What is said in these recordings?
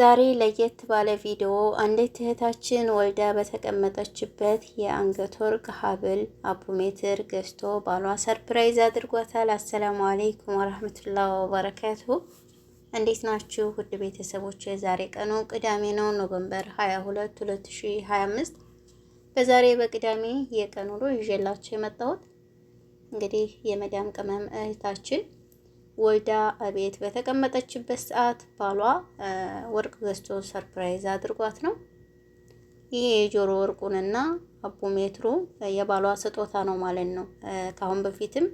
ዛሬ ለየት ባለ ቪዲዮ አንዲት እህታችን ወልዳ በተቀመጠችበት የአንገት ወርቅ ሀብል አቡሜትር ገዝቶ ባሏ ሰርፕራይዝ አድርጓታል። አሰላሙ አሌይኩም ወረህመቱላህ ወበረካቱ። እንዴት ናችሁ ውድ ቤተሰቦች? የዛሬ ቀኑ ቅዳሜ ነው፣ ኖቨምበር 22 2025። በዛሬ በቅዳሜ የቀኑ ውሎ ይዤላችሁ የመጣሁት እንግዲህ የመዳም ቅመም እህታችን ወልዳ ቤት በተቀመጠችበት ሰዓት ባሏ ወርቅ ገዝቶ ሰርፕራይዝ አድርጓት ነው። ይሄ የጆሮ ወርቁንና አቦ ሜትሩ የባሏ ስጦታ ነው ማለት ነው። ከአሁን በፊትም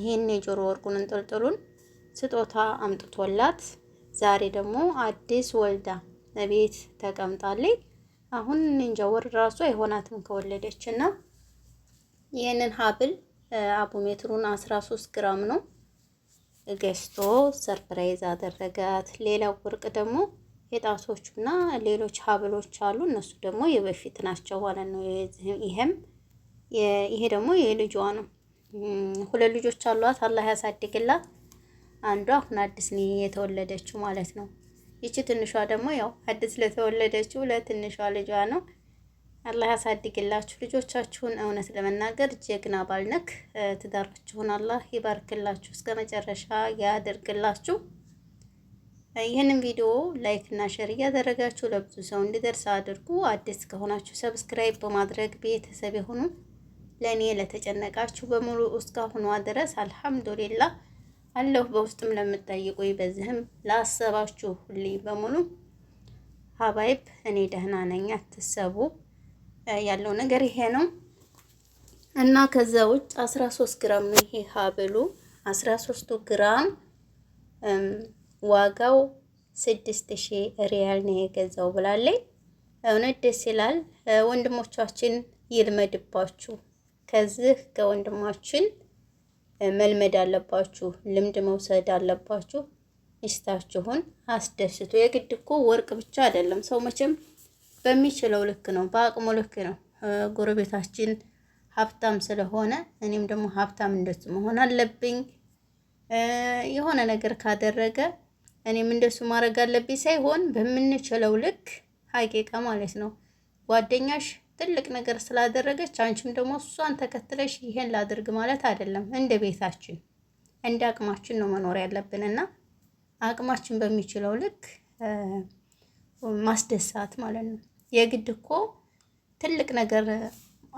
ይህን የጆሮ ወርቁን እንጥልጥሉን ስጦታ አምጥቶላት ዛሬ ደግሞ አዲስ ወልዳ ቤት ተቀምጣለች። አሁን እንጃ ወር ራሱ አይሆናትም ከወለደች እና ይህንን ሀብል አቡሜትሩን አስራ ሶስት ግራም ነው። ገዝቶ ሰርፕራይዝ አደረጋት። ሌላው ወርቅ ደግሞ የጣቶቹ እና ሌሎች ሀብሎች አሉ። እነሱ ደግሞ የበፊት ናቸው ማለት ነው። ይሄም ይሄ ደግሞ የልጇ ነው። ሁለት ልጆች አሏት። አላህ ያሳድግላት። አንዷ አሁን አዲስ ነው የተወለደችው ማለት ነው። ይቺ ትንሿ ደግሞ ያው አዲስ ለተወለደችው ለትንሿ ልጇ ነው። አላህ ያሳድግላችሁ ልጆቻችሁን። እውነት ለመናገር ጀግና ባልነክ ትዳራችሁን አላህ ይባርክላችሁ፣ እስከ መጨረሻ ያደርግላችሁ። ይህንን ቪዲዮ ላይክ እና ሼር እያደረጋችሁ ለብዙ ሰው እንዲደርስ አድርጉ። አዲስ ከሆናችሁ ሰብስክራይብ በማድረግ ቤተሰብ የሆኑ ለእኔ ለተጨነቃችሁ በሙሉ እስካሁኗ ድረስ አልሐምዱሊላ አለሁ። በውስጥም ለምትጠይቁኝ በዚህም ላሰባችሁ ላሰባችሁልኝ በሙሉ ሀባይብ እኔ ደህና ነኝ፣ አትሰቡ። ያለው ነገር ይሄ ነው እና ከዛ ውጭ 13 ግራም ነው ይሄ ሀብሉ 13ቱ ግራም ዋጋው 6000 ሪያል ነው የገዛው ብላለች። እውነት ደስ ይላል። ወንድሞቻችን ይልመድባችሁ። ከዚህ ከወንድማችን መልመድ አለባችሁ፣ ልምድ መውሰድ አለባችሁ። ሚስታችሁን አስደስቱ። የግድ እኮ ወርቅ ብቻ አይደለም ሰው መቼም በሚችለው ልክ ነው፣ በአቅሙ ልክ ነው። ጎረቤታችን ሀብታም ስለሆነ እኔም ደግሞ ሀብታም እንደሱ መሆን አለብኝ። የሆነ ነገር ካደረገ እኔም እንደሱ ማድረግ አለብኝ ሳይሆን በምንችለው ልክ ሀቂቃ ማለት ነው። ጓደኛሽ ትልቅ ነገር ስላደረገች አንቺም ደግሞ እሷን ተከትለሽ ይሄን ላድርግ ማለት አይደለም። እንደ ቤታችን እንደ አቅማችን ነው መኖር ያለብን አቅማችን በሚችለው ልክ ማስደሳት ማለት ነው። የግድ እኮ ትልቅ ነገር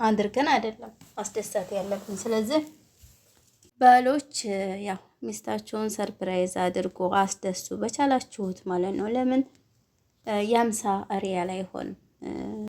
አድርገን አይደለም አስደሳት ያለብን። ስለዚህ ባሎች ያው ሚስታቸውን ሰርፕራይዝ አድርጎ አስደሱ በቻላችሁት ማለት ነው። ለምን የአምሳ ሪያል አይሆንም።